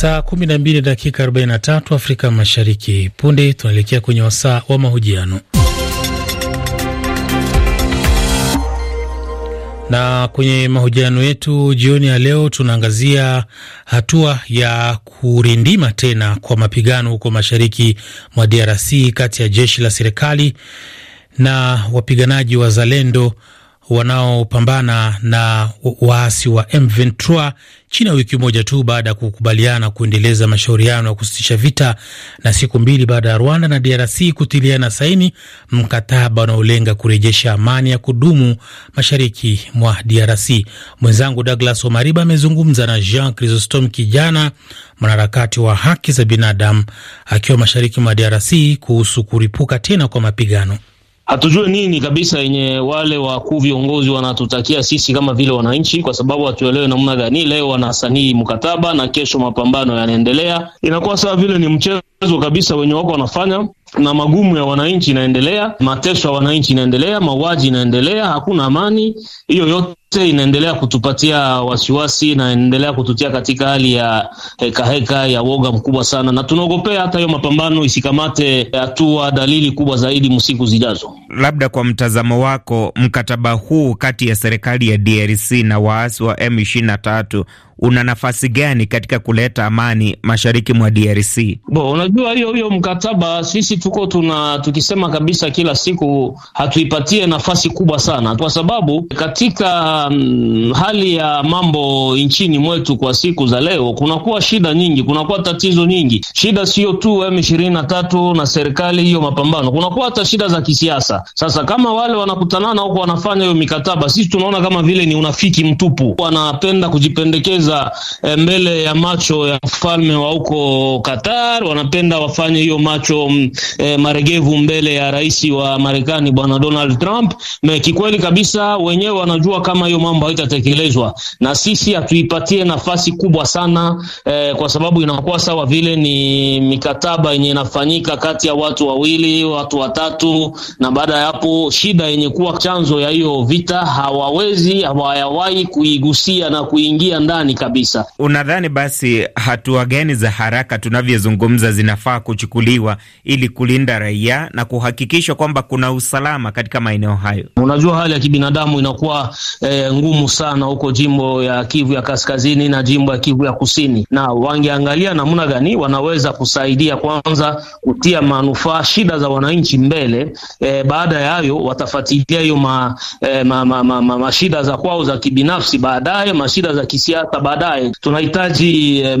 Saa 12 dakika 43 Afrika Mashariki. Punde tunaelekea kwenye wasaa wa mahojiano na kwenye mahojiano yetu jioni ya leo tunaangazia hatua ya kurindima tena kwa mapigano huko mashariki mwa DRC kati ya jeshi la serikali na wapiganaji wa Zalendo wanaopambana na waasi wa M23 chini ya wiki moja tu baada ya kukubaliana kuendeleza mashauriano ya kusitisha vita na siku mbili baada ya Rwanda na DRC kutiliana saini mkataba unaolenga kurejesha amani ya kudumu mashariki mwa DRC. Mwenzangu Douglas Omariba amezungumza na Jean crisostom Kijana, mwanaharakati wa haki za binadamu akiwa mashariki mwa DRC kuhusu kuripuka tena kwa mapigano hatujue nini kabisa yenye wale wakuu viongozi wanatutakia sisi kama vile wananchi, kwa sababu hatuelewe namna gani leo wanasanii mkataba na kesho mapambano yanaendelea. Inakuwa sawa vile ni mchezo kabisa wenye wako wanafanya na magumu ya wananchi inaendelea, mateso ya wananchi inaendelea, mauaji inaendelea, hakuna amani. Hiyo yote inaendelea kutupatia wasiwasi na inaendelea kututia katika hali ya heka heka ya woga mkubwa sana, na tunaogopea hata hiyo mapambano isikamate hatua dalili kubwa zaidi msiku zijazo. Labda kwa mtazamo wako, mkataba huu kati ya serikali ya DRC na waasi wa M23 una nafasi gani katika kuleta amani mashariki mwa DRC? Bo, unajua hiyo hiyo mkataba sisi tuko tuna tukisema kabisa kila siku hatuipatie nafasi kubwa sana, kwa sababu katika mm, hali ya mambo nchini mwetu kwa siku za leo kunakuwa shida nyingi, kunakuwa tatizo nyingi. Shida sio tu M23 na serikali hiyo mapambano, kunakuwa hata shida za kisiasa. Sasa kama wale wanakutanana huko wanafanya hiyo mikataba, sisi tunaona kama vile ni unafiki mtupu, wanapenda kujipendekeza eh, mbele ya macho ya mfalme wa huko Qatar, wanapenda wafanye hiyo macho mm, eh, maregevu mbele ya rais wa Marekani bwana Donald Trump. Me, kikweli kabisa wenyewe wanajua kama hiyo mambo haitatekelezwa, na sisi hatuipatie nafasi kubwa sana eh, kwa sababu inakuwa sawa vile ni mikataba yenye inafanyika kati ya watu wawili, watu watatu, na baada ya hapo shida yenye kuwa chanzo ya hiyo vita hawawezi hawayawahi kuigusia na kuingia ndani kabisa. Unadhani basi hatua gani za haraka tunavyozungumza zinafaa kuchukuliwa ili ku kulinda raia na kuhakikisha kwamba kuna usalama katika maeneo hayo? Unajua hali ya kibinadamu inakuwa e, ngumu sana huko jimbo ya Kivu ya kaskazini na jimbo ya Kivu ya kusini, na wangeangalia namna gani wanaweza kusaidia kwanza kutia manufaa shida za wananchi mbele. E, baada ya hayo watafuatilia hiyo ma, e, ma, ma, ma, ma, mashida za kwao za kibinafsi, baadaye mashida za kisiasa baadaye. Tunahitaji e,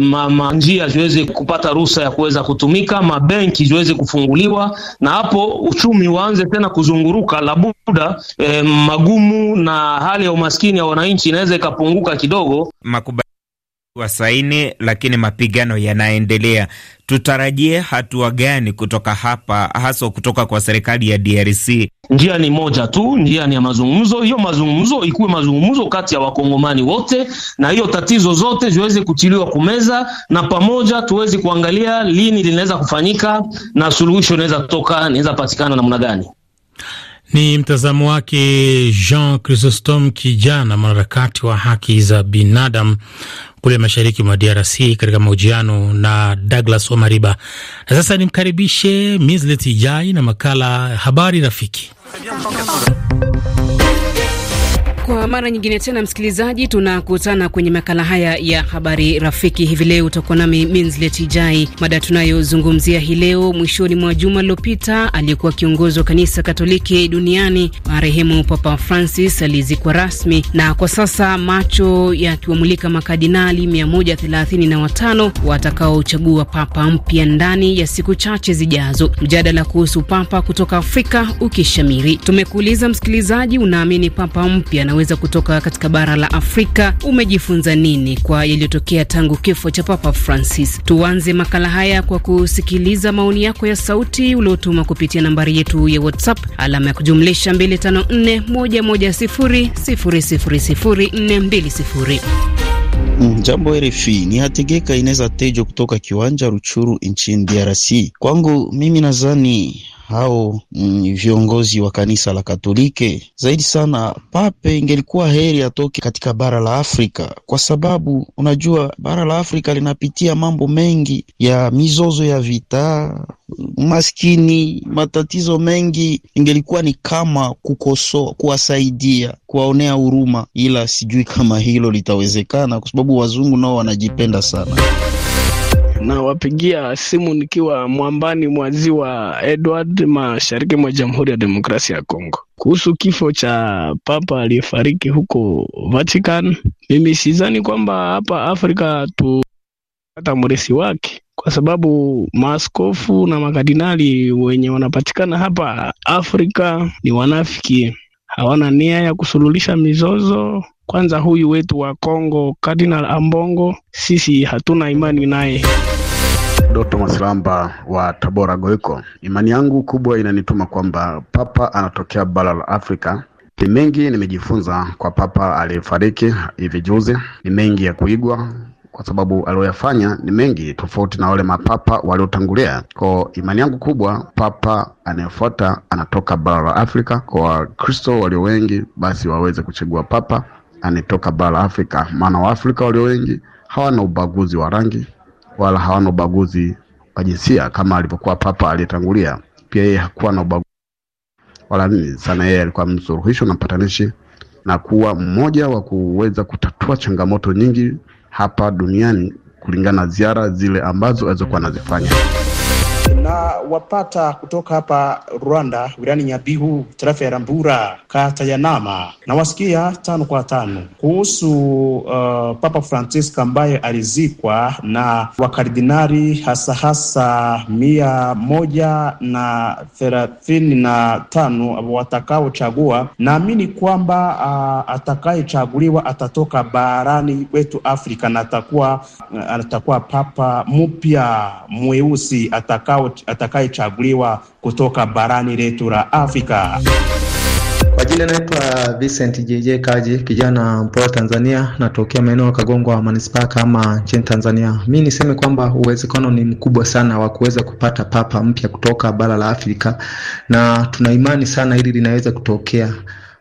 njia ziweze kupata ruhusa ya kuweza kutumika, mabenki ziweze kufungua kufunguliwa na hapo uchumi uanze tena kuzunguruka, labuda eh, magumu na hali ya umaskini ya wananchi inaweza ikapunguka kidogo. Makubali wasaini lakini mapigano yanaendelea. Tutarajie hatua gani kutoka hapa, haswa kutoka kwa serikali ya DRC? Njia ni moja tu, njia ni ya mazungumzo. Hiyo mazungumzo ikuwe mazungumzo kati ya wakongomani wote, na hiyo tatizo zote ziweze kutiliwa kumeza, na pamoja tuweze kuangalia lini linaweza kufanyika na suluhisho inaweza toka, inaweza patikana namna gani. Ni mtazamo wake Jean Chrysostome, Kijana, mwanaharakati wa haki za binadamu kule mashariki mwa DRC, katika mahojiano na Douglas Omariba. Na sasa nimkaribishe Mislet Ijai na makala Habari Rafiki. Kwa mara nyingine tena, msikilizaji, tunakutana kwenye makala haya ya habari rafiki. Hivi leo utakuwa nami Minslet Ijai. Mada tunayozungumzia hii leo, mwishoni mwa juma lilopita, aliyekuwa kiongozi wa kanisa Katoliki duniani marehemu Papa Francis alizikwa rasmi, na kwa sasa macho yakiwamulika makardinali 135 watakaochagua papa mpya ndani ya siku chache zijazo, mjadala kuhusu papa kutoka Afrika ukishamiri. Tumekuuliza msikilizaji, unaamini papa mpya unaweza kutoka katika bara la Afrika umejifunza nini kwa yaliyotokea tangu kifo cha Papa Francis? Tuanze makala haya kwa kusikiliza maoni yako ya sauti uliotuma kupitia nambari yetu ya WhatsApp alama ya kujumlisha 254110000420. Mm, jambo RFI ni hategeka inaweza tejwa kutoka kiwanja Ruchuru nchini DRC. Kwangu mimi nadhani hao mm, viongozi wa kanisa la Katolike zaidi sana pape, ingelikuwa heri atoke katika bara la Afrika, kwa sababu unajua bara la Afrika linapitia mambo mengi ya mizozo ya vita, maskini, matatizo mengi. Ingelikuwa ni kama kukosoa, kuwasaidia, kuwaonea huruma, ila sijui kama hilo litawezekana, kwa sababu wazungu nao wanajipenda sana. Nawapigia simu nikiwa mwambani mwa ziwa Edward, mashariki mwa Jamhuri ya Demokrasia ya Kongo. Kuhusu kifo cha papa aliyefariki huko Vatican, mimi sidhani kwamba hapa Afrika tupata mrisi wake kwa sababu maaskofu na makadinali wenye wanapatikana hapa Afrika ni wanafiki, hawana nia ya kusuluhisha mizozo. Kwanza huyu wetu wa Kongo Kardinal Ambongo, sisi hatuna imani naye. Doto Masilamba wa Tabora Goiko, imani yangu kubwa inanituma kwamba Papa anatokea bara la Afrika. Ni mengi nimejifunza kwa Papa aliyefariki hivi juzi, ni mengi ya kuigwa kwa sababu aliyoyafanya ni mengi tofauti na wale mapapa waliotangulia. Kwa imani yangu kubwa, papa anayefuata anatoka bara la Afrika. Kwa Wakristo walio wengi, basi waweze kuchagua papa anayetoka bara la Afrika, maana Waafrika walio wengi hawana ubaguzi wa rangi, wala hawana ubaguzi wa jinsia kama alivyokuwa papa aliyetangulia. Pia yeye hakuwa na ubaguzi wala nini sana, yeye alikuwa msuluhisho na mpatanishi na kuwa mmoja wa kuweza kutatua changamoto nyingi hapa duniani kulingana na ziara zile ambazo alizokuwa anazifanya na wapata kutoka hapa Rwanda, wilani Nyabihu, tarafa ya Rambura, kata ya Nama, na wasikia tano kwa tano kuhusu uh, Papa Francisco ambaye alizikwa na wakardinari hasa hasa mia moja na thelathini na tano watakaochagua. Naamini kwamba uh, atakayechaguliwa atatoka barani wetu Afrika na atakuwa, uh, atakuwa papa mpya mweusi ataka atakayechaguliwa kutoka barani letu la Afrika. Kwa jina naitwa Vincent JJ Kaji, kijana mpoa Tanzania, natokea maeneo ya Kagongwa manispaa kama nchini Tanzania. Mi niseme kwamba uwezekano ni mkubwa sana wa kuweza kupata papa mpya kutoka bara la Afrika, na tuna imani sana hili linaweza kutokea.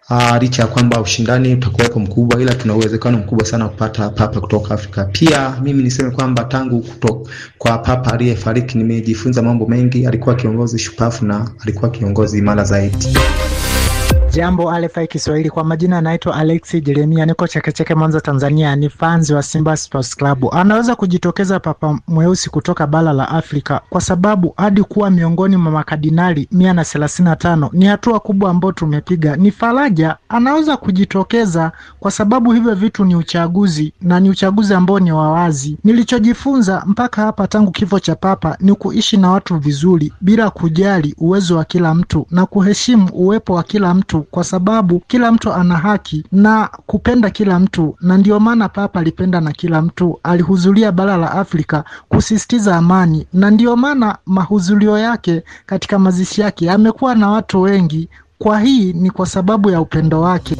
Uh, licha ya kwamba ushindani utakuwepo mkubwa, ila tuna uwezekano mkubwa sana kupata papa kutoka Afrika. Pia mimi niseme kwamba tangu kutoka kwa papa aliyefariki nimejifunza mambo mengi. Alikuwa kiongozi shupafu na alikuwa kiongozi imara zaidi. Jambo RFI Kiswahili, kwa majina anaitwa Alex Jeremia, niko Chekecheke, Mwanza, Tanzania. Ni fans wa Simba Sports Club. Anaweza kujitokeza papa mweusi kutoka bara la Afrika kwa sababu hadi kuwa miongoni mwa makadinali mia na thelathini na tano ni hatua kubwa ambayo tumepiga. Ni faraja, anaweza kujitokeza kwa sababu hivyo vitu ni uchaguzi na ni uchaguzi ambao ni wawazi. Nilichojifunza mpaka hapa tangu kifo cha papa ni kuishi na watu vizuri bila kujali uwezo wa kila mtu na kuheshimu uwepo wa kila mtu kwa sababu kila mtu ana haki na kupenda kila mtu, na ndiyo maana Papa alipenda na kila mtu, alihudhuria bara la Afrika kusisitiza amani, na ndiyo maana mahudhurio yake katika mazishi yake amekuwa na watu wengi. Kwa hii ni kwa sababu ya upendo wake.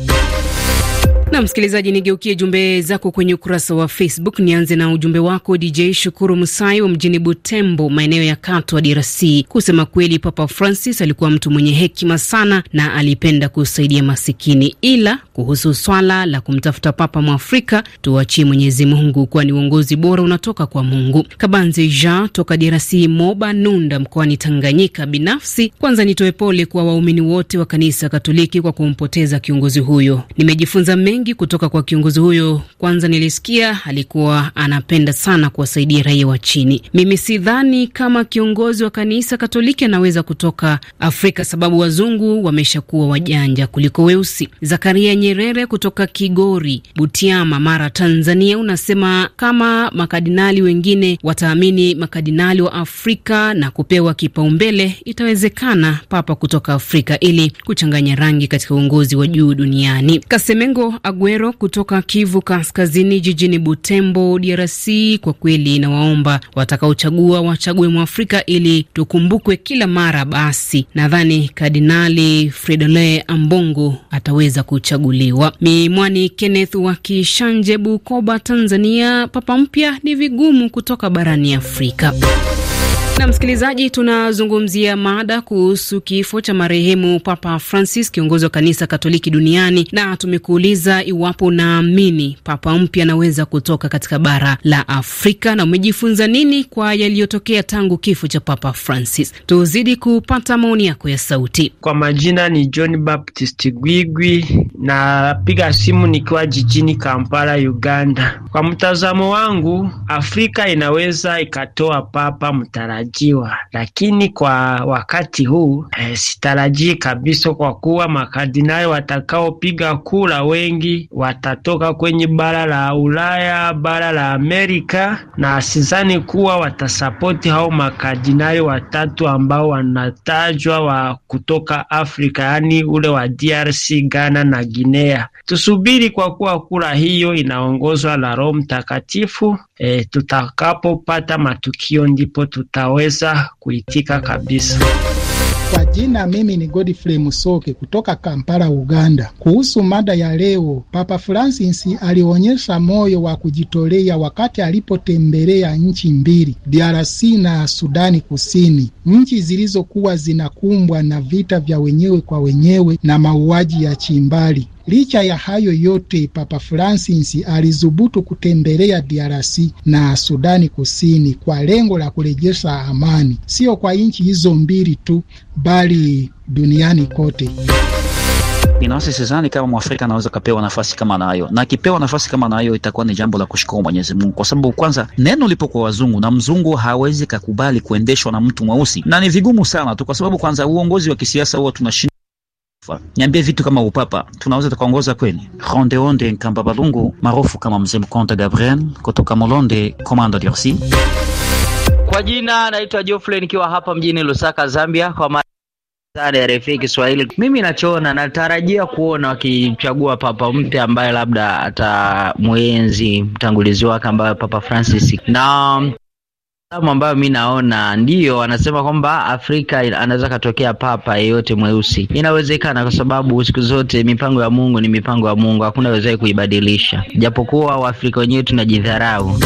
Na msikilizaji, nigeukie jumbe zako kwenye ukurasa wa Facebook. Nianze na ujumbe wako DJ Shukuru Musai wa mjini Butembo, maeneo ya Katwa, DRC. Kusema kweli, Papa Francis alikuwa mtu mwenye hekima sana na alipenda kusaidia masikini, ila kuhusu swala la kumtafuta papa mwafrika tuachie Mwenyezi Mungu, kwani uongozi bora unatoka kwa Mungu. Kabanze Jean toka DRC, Moba Nunda, mkoani Tanganyika. Binafsi kwanza nitoe pole kwa waumini wote wa kanisa Katoliki kwa kumpoteza kiongozi huyo. Nimejifunza mengi mengi kutoka kwa kiongozi huyo. Kwanza nilisikia alikuwa anapenda sana kuwasaidia raia wa chini. Mimi sidhani kama kiongozi wa kanisa Katoliki anaweza kutoka Afrika sababu wazungu wameshakuwa wajanja kuliko weusi. Zakaria Nyerere kutoka Kigori, Butiama, Mara, Tanzania, unasema kama makadinali wengine wataamini makadinali wa Afrika na kupewa kipaumbele, itawezekana papa kutoka Afrika ili kuchanganya rangi katika uongozi wa juu duniani. Kasemengo Agwero kutoka Kivu Kaskazini, jijini Butembo, DRC. Kwa kweli, nawaomba watakaochagua wachague Mwafrika ili tukumbukwe kila mara. Basi nadhani Kardinali fredole Ambongo ataweza kuchaguliwa. Mimwani Kenneth wa Kishanje, Bukoba, Tanzania. Papa mpya ni vigumu kutoka barani Afrika. Na msikilizaji, tunazungumzia mada kuhusu kifo cha marehemu Papa Francis, kiongozi wa kanisa Katoliki duniani, na tumekuuliza iwapo unaamini papa mpya anaweza kutoka katika bara la Afrika na umejifunza nini kwa yaliyotokea tangu kifo cha Papa Francis. Tuzidi kupata maoni yako ya sauti. Kwa majina ni John Baptist Gwigwi, napiga simu nikiwa jijini Kampala, Uganda. Kwa mtazamo wangu, Afrika inaweza ikatoa papa mtaraji inatarajiwa, lakini kwa wakati huu eh, sitarajii kabisa, kwa kuwa makardinali watakaopiga kura wengi watatoka kwenye bara la Ulaya, bara la Amerika, na sizani kuwa watasapoti hao makardinali watatu ambao wanatajwa wa kutoka Afrika, yaani ule wa DRC, Ghana na Guinea. Tusubiri kwa kuwa kura hiyo inaongozwa na Roho Mtakatifu. E, tutakapopata matukio ndipo tuta unaweza kuitika kabisa. Kwa jina mimi ni Godfrey Musoke kutoka Kampala, Uganda. Kuhusu mada ya leo, Papa Francis alionyesha moyo wa kujitolea wakati alipotembelea nchi mbili, DRC na Sudani Kusini, nchi zilizokuwa zinakumbwa na vita vya wenyewe kwa wenyewe na mauaji ya chimbali. Licha ya hayo yote, Papa Francis alizubutu kutembelea DRC na Sudani Kusini kwa lengo la kurejesha amani, sio kwa nchi hizo mbili tu, bali duniani kote. Binafsi sidhani kama Mwafrika anaweza kapewa nafasi kama nayo, na akipewa nafasi kama nayo itakuwa ni jambo la kushukuru Mwenyezi Mungu, kwa sababu kwanza neno lipo kwa wazungu na mzungu hawezi kakubali kuendeshwa na mtu mweusi, na ni vigumu sana tu, kwa sababu kwanza uongozi wa kisiasa huwa tunashinda Niambie vitu kama upapa tunaweza tukaongoza kweli? Onde Nkamba Balungu maarufu kama Mzee Mkonta Gabriel kutoka Molonde, Komando DRC. Kwa jina naitwa Geoffrey nikiwa hapa mjini Lusaka, Zambia kwa ma RFI Kiswahili. Mimi nachoona, natarajia kuona wakichagua papa mpya ambaye labda atamwenzi mtangulizi wake ambaye Papa Francis, na ambayo mi naona ndiyo anasema kwamba Afrika anaweza katokea papa yeyote mweusi. Inawezekana, kwa sababu siku zote mipango ya Mungu ni mipango ya Mungu, hakuna wezae kuibadilisha, japokuwa Waafrika wenyewe tunajidharau.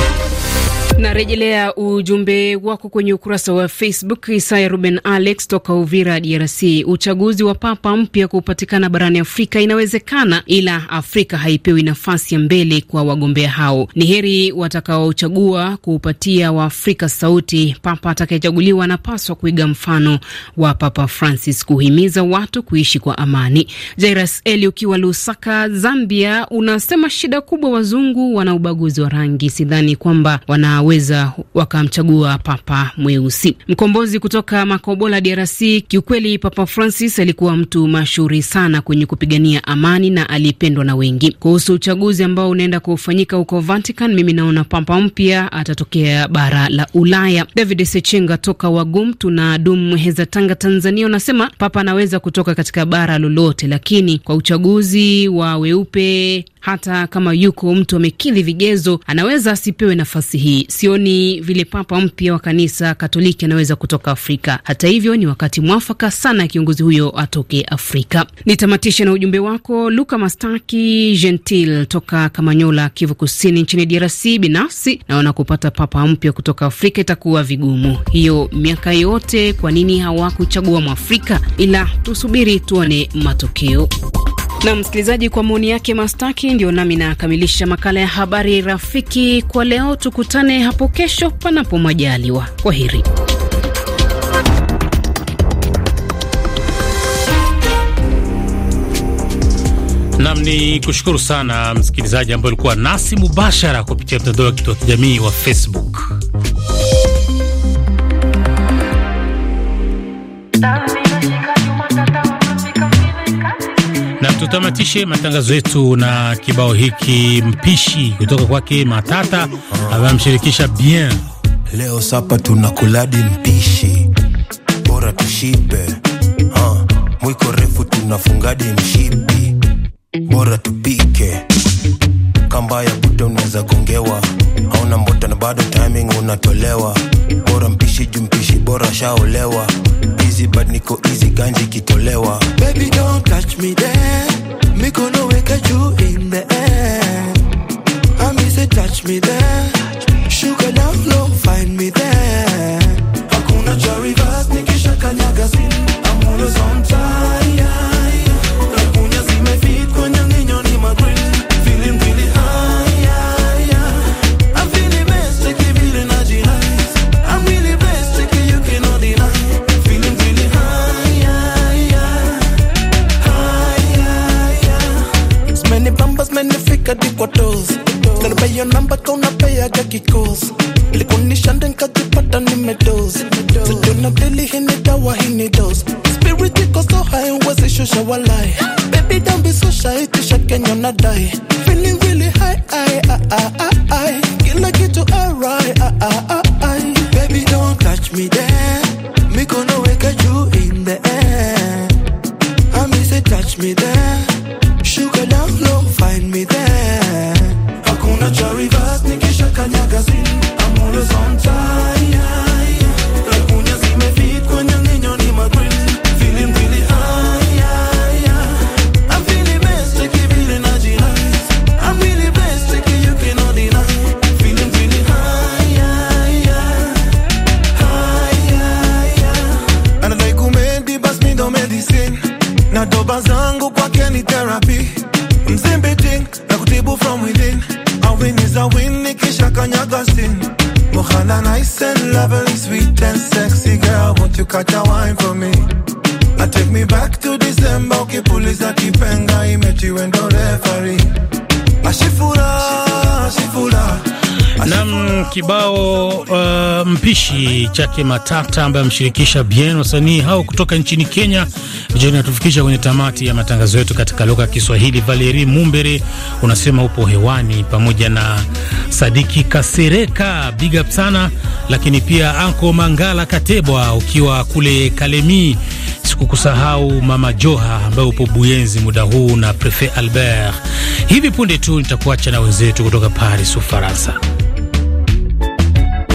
Narejelea ujumbe wako kwenye ukurasa wa Facebook. Isaya Ruben Alex toka Uvira, DRC. Uchaguzi wa papa mpya kupatikana barani Afrika inawezekana, ila Afrika haipewi nafasi ya mbele kwa wagombea hao. Ni heri watakaochagua kuupatia Waafrika sauti. Papa atakayechaguliwa anapaswa kuiga mfano wa Papa Francis kuhimiza watu kuishi kwa amani. Jairas Eli ukiwa Lusaka, Zambia, unasema shida kubwa wazungu wana ubaguzi wa rangi. Sidhani kwamba wana wanaweza wakamchagua papa mweusi. Mkombozi kutoka Makobola, DRC. Kiukweli, Papa Francis alikuwa mtu mashuhuri sana kwenye kupigania amani na alipendwa na wengi. Kuhusu uchaguzi ambao unaenda kufanyika huko Vatican, mimi naona papa mpya atatokea bara la Ulaya. David Sechenga toka Wagum tuna dum Heza, Tanga, Tanzania, unasema papa anaweza kutoka katika bara lolote, lakini kwa uchaguzi wa weupe hata kama yuko mtu amekidhi vigezo anaweza asipewe nafasi hii. Sioni vile papa mpya wa kanisa Katoliki anaweza kutoka Afrika. Hata hivyo, ni wakati mwafaka sana ya kiongozi huyo atoke Afrika. Nitamatisha na ujumbe wako Luka Mastaki Gentil toka Kamanyola, Kivu Kusini nchini DRC. Binafsi naona kupata papa mpya kutoka Afrika itakuwa vigumu. Hiyo miaka yote, kwa nini hawakuchagua Mwafrika? Ila tusubiri tuone matokeo. Na msikilizaji, kwa maoni yake Mastaki, ndio nami nakamilisha makala ya habari rafiki kwa leo. Tukutane hapo kesho, panapo majaliwa. Kwa heri. Nam ni kushukuru sana msikilizaji ambaye ulikuwa nasi mubashara kupitia mtandao wa kitu wa kijamii wa Facebook. tutamatishe matangazo yetu na kibao hiki mpishi kutoka kwake Matata amemshirikisha Bien. Leo sapa tunakuladi mpishi bora tushibe, ha, mwiko refu tunafungadi mshipi bora tupike kamba ya buta unaweza gongewa, haona mbota na bado timing unatolewa, bora mpishi jumpishi bora shaolewa easy but niko easy ganji kitolewa baby don't touch me there mikono weka juu in the air amisa touch me there feeling really high, I, I, alright, Baby, don't catch me there. Me gonna in the air. I miss it, touch me there. Sugar down low, find me there. Hakuna cha reverse, nikisha kanyaga sinu. lovely, sweet and sexy girl, won't you catch a wine for me? I take me back to December, ukipuliza kipenga imetiwendo referee. Ashifura. Ashifura. Nam kibao uh, mpishi chake Matata ambaye amshirikisha Bien wasanii hao kutoka nchini Kenya Jioni inatufikisha kwenye tamati ya matangazo yetu katika lugha ya Kiswahili. Valeri Mumbere unasema upo hewani pamoja na Sadiki Kasereka, big up sana lakini pia Anko Mangala Katebwa ukiwa kule Kalemi, sikukusahau Mama Joha ambaye upo Buyenzi muda huu na Prefet Albert. Hivi punde tu nitakuacha na wenzetu kutoka Paris, Ufaransa.